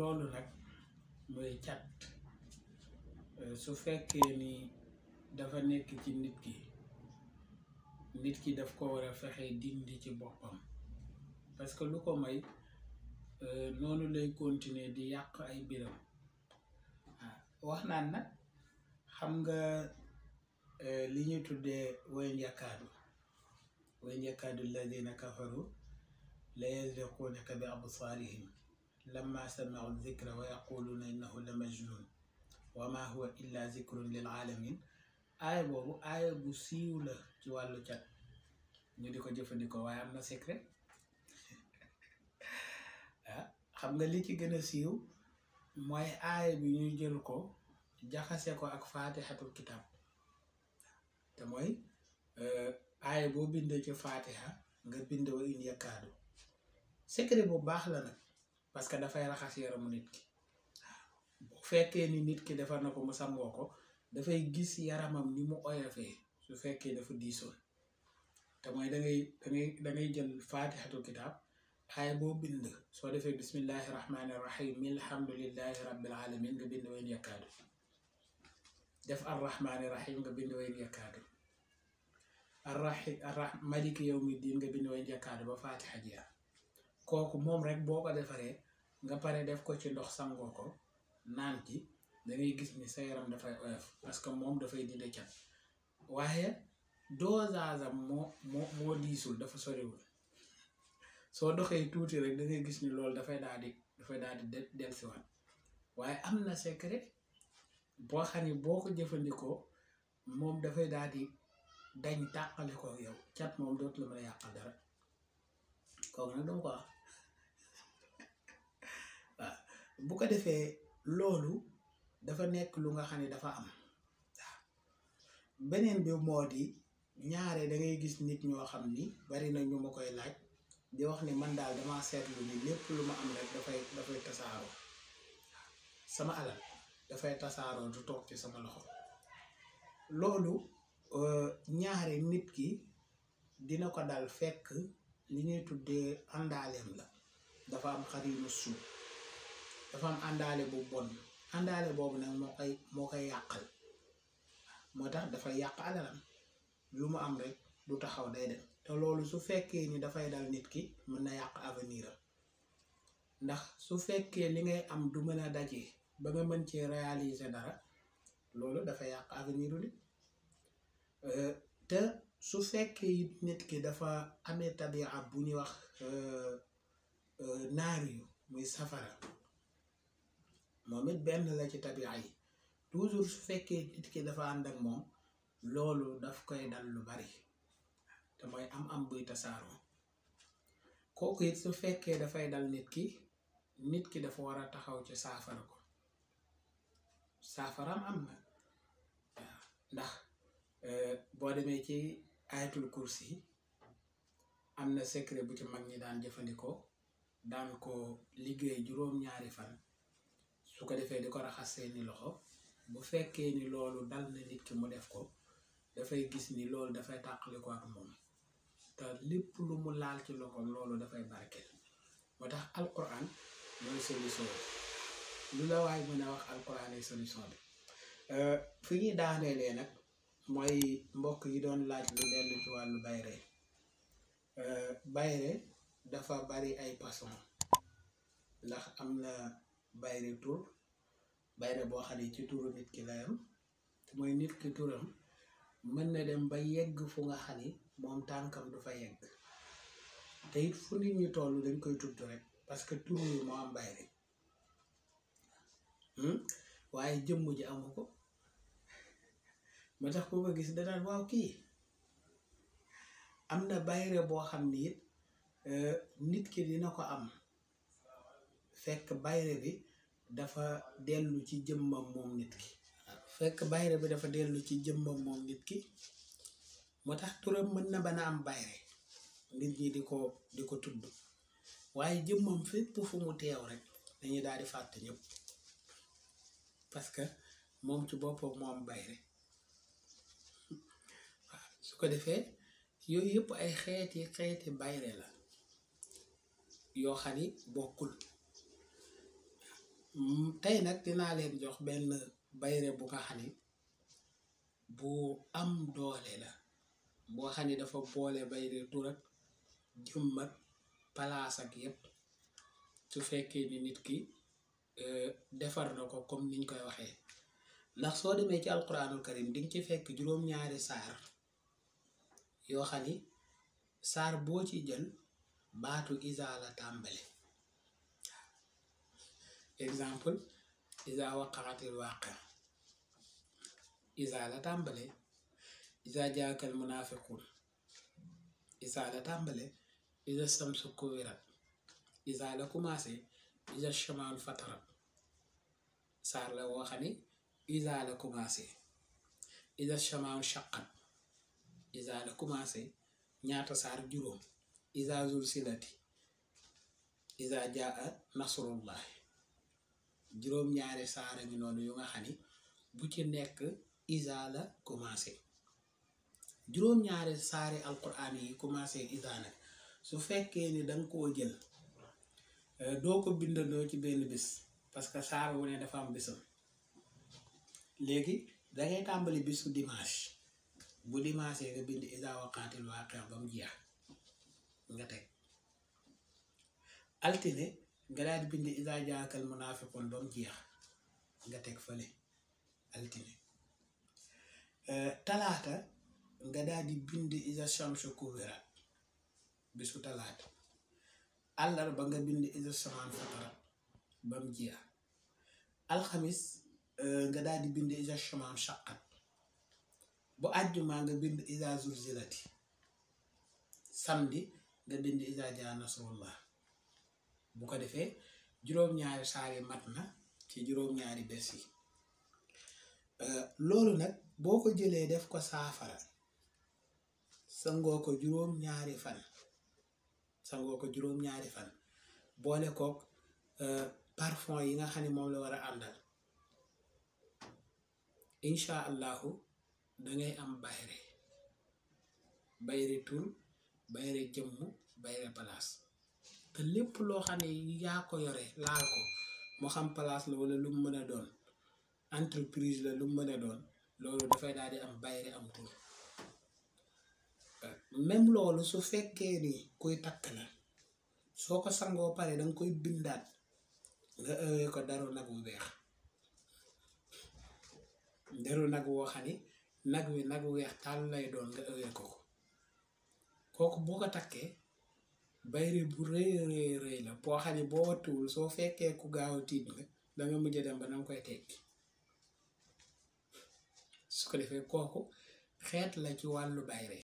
loolu nag mooy cat euh, su fekkee ni dafa nekk ci nit ki nit ki daf ko war a fexe dindi ci boppam parce que lu ko may euh, noonu lay continuer di yàq ay biram ah, wax naan nag xam nga euh, li ñu tuddee wayn yakaadu wayn yakaadu alladina kafaru la yasriqunaka bi absaarihim لما سمعوا الذكر ويقولون إنه لمجنون وما هو إلا ذكر للعالمين aaya boobu aaya bu siiw la ci wàllu cat ñu di ko jëfandikoo waaye am na secret ah xam nga li ci gën a siiw mooy aaya bi ñu jël ko jaxase ko ak faatixatul kitab te mooy aaya boo bindee ci faatixa nga bind wa in yakaadu secret bu baax la nag parce que dafay raxas yaramu nit ki bu fekkee ni nit ki defar na ko mu sangoo ko dafay gis yaramam ni mu oyofee su fekkee dafa diisoon te mooy da ngay da ngay jël faatixatul kitaab aay boo bind soo defee bismillahi rahmaani alamin nga bind wayn nga bind wayn nga bind ba faatixa jeex kooku moom rek boo ko defaree nga pare def ko ci ndox sangoo ko naan ci da gis ni sa yaram dafay oyof parce que moom dafay dindi cat waaye dosage am moo moo moo diisul dafa soriwul soo doxee tuuti rek da gis ni loolu dafay daal di dafay daal di dellusiwaat waaye am na secret boo xam ne boo ko jëfandikoo moom dafay daal di dañ tàqale ko yow cat moom dootu la mën yàqal dara kooku nag dama ko wax bu ko defé lolu dafa nek lu nga dafa am benen bi modi, ñaare da ngay gis nit ñoo xamni bari na ñu makoy laaj di wax ne man dal dama seetlu ni lepp lu ma am rek da fay tasaaroo sama alal fay tasaaroo du tok ci sama loxo euh ñaare nit ki dina ko dal fekk li ñuy tuddé andalem la dafa am xarimu suuf dafa am andale bu bon andale bobu nak mo kay mo kay yakal motax dafa yak alalam lu mu am rek du taxaw day dem te lolou su fekke ni da fay dal nit ki mën na yak avenir ndax su fekke li ngay am du meuna a ba nga mën ci réaliser dara lolou da fay yak avenir euh te su fekke nit ki dafa amé tabia bu ñuy wax euh, euh naar yu muy safara moom it benn la ci tabia yi toujours su fekkee nit ki dafa ànd ak moom loolu daf koy dal lu bari te mooy am am buy tasaaroo kooku it su fekkee dafay dal nit ki nit ki dafa war a taxaw ci saafara ko saafaraam am na waaw ndax euh, boo demee ci ayatul kursi am na secret bu ci mag ñi daan jëfandikoo daan ko liggéey juróom-ñaari fan su ko defee di ko raxas seeni loxo bu fekkee ni loolu dal na nit ki mu def ko dafay gis ni loolu dafay tàqali ko ak moom te lépp lu mu laal ci loxo loolu dafay barkeel moo tax alquran mooy solution lu la waay mën a wax alquran ay solution bi fi ñuy daaneelee nag mooy mbokk yi doon laaj lu dellu ci wàllu bayre bayre dafa bari ay façon ndax am na bayre tur bayre boo xam ne ci turu nit ki la yam te mooy nit ki turam mën na dem ba yegg fu nga xam ne moom tànkam du fa yegg te it fu nit ñi toll dañ koy tudd rek parce que tur yi moo am bayre hmm? waaye jëmm ji amu ko ma tax ko ko gis danaan waaw kii am na bayre boo xam ne it eh, nit ki dina ko am fekk bayre bi dafa dellu ci jëmmam moom nit ki fekk bayre bi dafa dellu ci jëmmam moom nit ki moo tax turam mën na bana am bayre nit ñi di ko di ko tudd waaye jëmmam fépp fu mu teew rek dañuy daal di fàtte ñëpp parce que moom ci boppam moo am bayre su ko defee yooyu yëpp ay xeeti xeeti bayre la yoo xam ni bokkul Mm, tey nag dinaa leen jox benn bayre bu nga xam bu am doole la boo xam ni dafa boole bayre tur ak jëmm ak palaas ak yépp su fekkee ni nit ki e, defar na ko comme niñ koy waxee ndax soo demee ci alquranul karim di ci fekk juróom-ñaari saar yoo xam saar boo ci jël baatu isa la exemple isa waqaatil waaqia isa la tàmbale isa jaakal munaafiquun isa la tàmbale isa samsu kuwirat la commencé isa shamaal fatarat saar la woo xam ne isa la commencé isa shamaal shaqat isa la commencé ñaata saar juróom isa zulsilati isa jaa nasrullahi juróom-ñaari saara ngi noonu yu nga xam ni bu ci nekk isa la commencé juróom-ñaari saari alquran yi commencé isa nag su fekkee ni da koo jël euh, doo ko bindandoo ci benn bis parce que saar wu ne dafa am bisam léegi dangay tàmbali bisu dimanche bu dimanche nga bind isa waqaatil waaqia ba mu jeex nga teg altine nga daal di bind izaa jaakal munaafiqun ba mu jeex nga teg fële altine euh, talaata nga daal di bind izaa shamsu kuwirat nga bind izaa samaan fatarat ba mu jeex alxamis euh, nga bu ko defee juróom-ñaari saar mat na ci juróom-ñaari bés yi euh, loolu nag boo ko jëlee def ko saafara sangoo ko juróom-ñaari fan sangoo ko juróom-ñaari fan boole kook euh, parfum yi nga xam ne moom la war a àndal incha allahu dangay am bayre bayre tur bayre jëmm bayre palaas te lépp loo xam ne yaa ko yore laal ko moo xam place la wala lu mu mën a doon entreprise la lu mu mën a doon loolu dafay daal di am bayre am tur euh, même loolu su fekkee nii kuy takk la soo ko sangoo pare danga koy bindaat nga ëwee ko daru nag wu weex daru nag woo xam ni nag wi nag weex tàll lay doon nga ëwee ko ko kooku boo ko takkee bayre bu rëy rëy rëy la boo xam ne boo wattuwul soo fekkee ku gaaw a tiit la danga mujj dem ba danga koy teg su ko defee kooku xeet la ci wàllu bayre